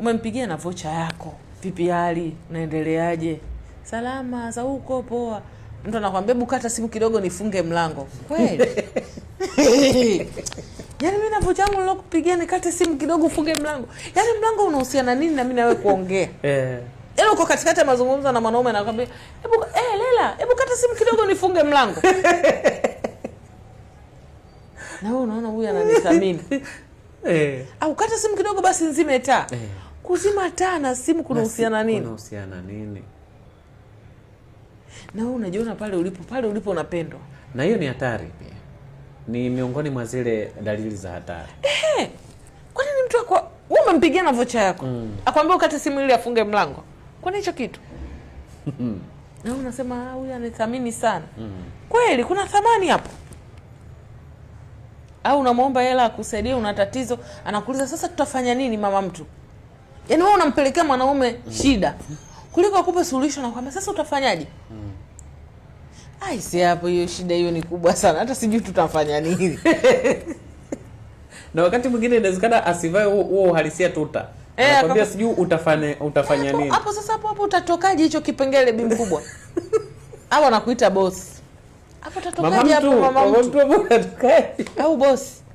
umempigia na vocha yako, vipi hali, unaendeleaje? Salama za huko, poa. Mtu anakwambia hebu kata simu kidogo nifunge mlango. Kweli? Yaani mimi na vocha yangu nilokupigia nikate simu kidogo ufunge mlango. Yaani mlango unahusiana nini na mimi nawe kuongea? Eh. Yaani uko katikati ya mazungumzo na mwanaume anakwambia, "Hebu eh Lela, hebu kata simu kidogo nifunge mlango." na wewe unaona huyu ananithamini. Eh. Au kata simu kidogo basi nzime taa. Eh kuzima taa na simu kunahusiana nini? Kunahusiana nini? Na wewe unajiona pale ulipo, pale ulipo unapendwa, na hiyo ni hatari pia, ni miongoni mwa zile dalili za hatari. Ehe, kwani ni mtu wako wewe umempigia na vocha yako mm. akwambia ukate simu ili afunge mlango, kwani hicho kitu mm. na wewe unasema ah, huyu anathamini sana mm. kweli kuna thamani hapo? Au unamwomba hela akusaidia, una tatizo, anakuuliza sasa tutafanya nini mama mtu Yaani wewe unampelekea mwanaume mm. shida kuliko akupe suluhisho na kwamba sasa utafanyaje? Mm. si hapo hiyo shida hiyo ni kubwa sana, hata sijui tutafanya nini. na wakati mwingine inawezekana asivae huo uhalisia tuta eh, anakwambia e, sijui utafanya utafanya nini hapo. Sasa hapo hapo utatokaje hicho kipengele bi mkubwa au anakuita boss hapo, utatokaje hapo mama mtu au boss